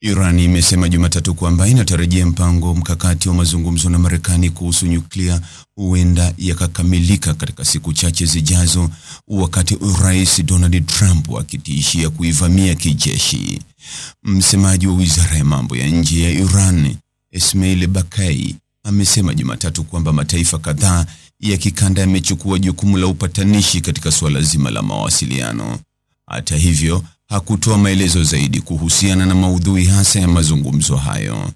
Iran imesema Jumatatu kwamba inatarajia mpango mkakati wa mazungumzo na Marekani kuhusu nyuklia huenda yakakamilika katika siku chache zijazo, wakati Rais Donald Trump akitishia kuivamia kijeshi. Msemaji wa Wizara ya Mambo ya Nje ya Iran, Ismail Bakai, amesema Jumatatu kwamba mataifa kadhaa ya kikanda yamechukua jukumu la upatanishi katika suala zima la mawasiliano. Hata hivyo, hakutoa maelezo zaidi kuhusiana na maudhui hasa ya mazungumzo hayo.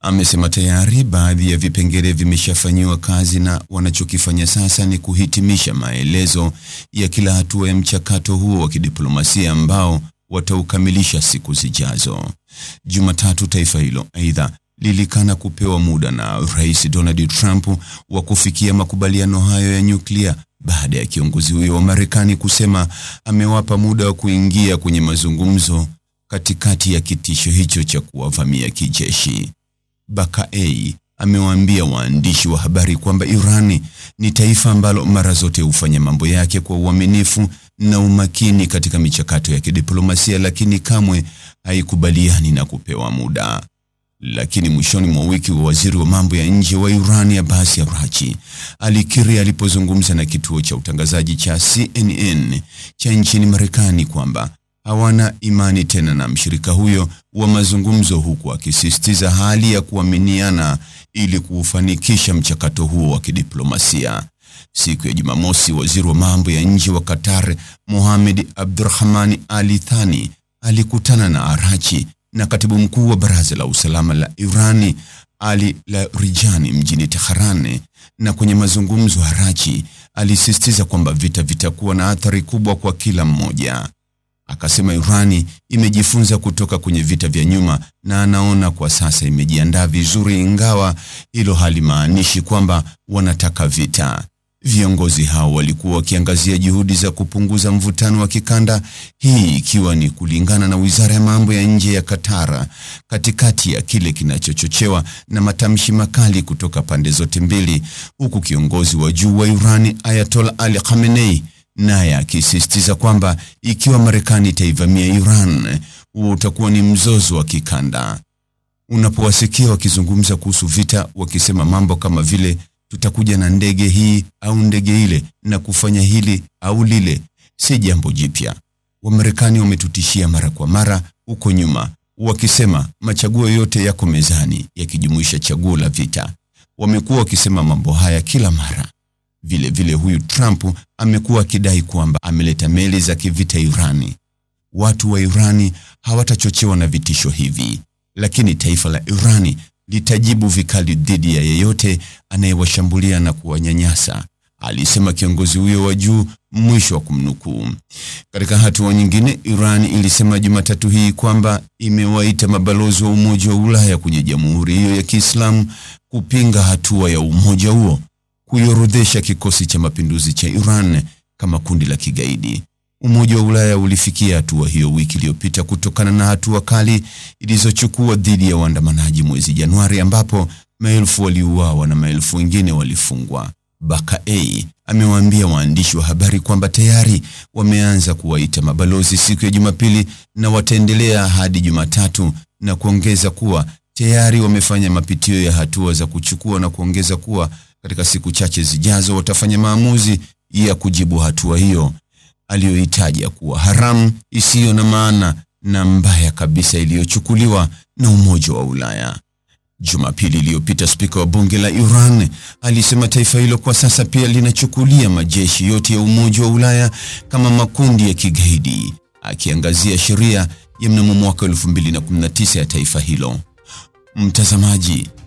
Amesema tayari baadhi ya vipengele vimeshafanyiwa kazi na wanachokifanya sasa ni kuhitimisha maelezo ya kila hatua ya mchakato huo wa kidiplomasia ambao wataukamilisha siku zijazo. Jumatatu, taifa hilo aidha lilikana kupewa muda na Rais Donald Trump wa kufikia makubaliano hayo ya nyuklia baada ya kiongozi huyo wa Marekani kusema amewapa muda wa kuingia kwenye mazungumzo katikati ya kitisho hicho cha kuwavamia kijeshi. bakaei amewaambia waandishi wa habari kwamba Irani ni taifa ambalo mara zote hufanya mambo yake kwa uaminifu na umakini katika michakato ya kidiplomasia, lakini kamwe haikubaliani na kupewa muda. Lakini mwishoni mwa wiki wa waziri wa mambo ya nje wa Iran Abbas Araghchi alikiri alipozungumza na kituo cha utangazaji cha CNN cha nchini Marekani kwamba hawana imani tena na mshirika huyo wa mazungumzo, huku akisisitiza hali ya kuaminiana ili kuufanikisha mchakato huo wa kidiplomasia. Siku ya Jumamosi, waziri wa mambo ya nje wa Qatar Mohamed Abdurrahman Ali Thani alikutana na Araghchi na katibu mkuu wa Baraza la Usalama la Irani Ali Larijani mjini Tehran na kwenye mazungumzo ya Rachi alisisitiza kwamba vita vitakuwa na athari kubwa kwa kila mmoja. Akasema Irani imejifunza kutoka kwenye vita vya nyuma na anaona kwa sasa imejiandaa vizuri, ingawa hilo halimaanishi kwamba wanataka vita. Viongozi hao walikuwa wakiangazia juhudi za kupunguza mvutano wa kikanda, hii ikiwa ni kulingana na Wizara ya Mambo ya Nje ya Qatar, katikati ya kile kinachochochewa na matamshi makali kutoka pande zote mbili, huku kiongozi wa juu wa Iran Ayatollah Ali Khamenei naye akisisitiza kwamba ikiwa Marekani itaivamia Iran, huo utakuwa ni mzozo wa kikanda. Unapowasikia wakizungumza kuhusu vita, wakisema mambo kama vile tutakuja na ndege hii au ndege ile na kufanya hili au lile, si jambo jipya. Wamarekani wametutishia mara kwa mara huko nyuma, wakisema machaguo yote yako mezani, yakijumuisha chaguo la vita. Wamekuwa wakisema mambo haya kila mara. Vile vile huyu Trump amekuwa akidai kwamba ameleta meli za kivita Irani. Watu wa Irani hawatachochewa na vitisho hivi, lakini taifa la Irani litajibu vikali dhidi ya yeyote anayewashambulia na kuwanyanyasa, alisema kiongozi huyo wa juu, mwisho wa kumnukuu. Katika hatua nyingine, Iran ilisema Jumatatu hii kwamba imewaita mabalozi wa Umoja wa Ulaya kwenye jamhuri hiyo ya Kiislamu kupinga hatua ya umoja huo kuiorodhesha kikosi cha mapinduzi cha Iran kama kundi la kigaidi. Umoja wa Ulaya ulifikia hatua hiyo wiki iliyopita kutokana na hatua kali ilizochukua dhidi ya waandamanaji mwezi Januari, ambapo maelfu waliuawa na maelfu wengine walifungwa. Bakay amewaambia waandishi wa habari kwamba tayari wameanza kuwaita mabalozi siku ya Jumapili na wataendelea hadi Jumatatu, na kuongeza kuwa tayari wamefanya mapitio ya hatua za kuchukua, na kuongeza kuwa katika siku chache zijazo watafanya maamuzi ya kujibu hatua hiyo aliyoitaja kuwa haramu isiyo na maana na mbaya kabisa iliyochukuliwa na Umoja wa Ulaya. Jumapili iliyopita, spika wa bunge la Iran alisema taifa hilo kwa sasa pia linachukulia majeshi yote ya Umoja wa Ulaya kama makundi ya kigaidi, akiangazia sheria ya mnamo mwaka 2019 ya taifa hilo. Mtazamaji,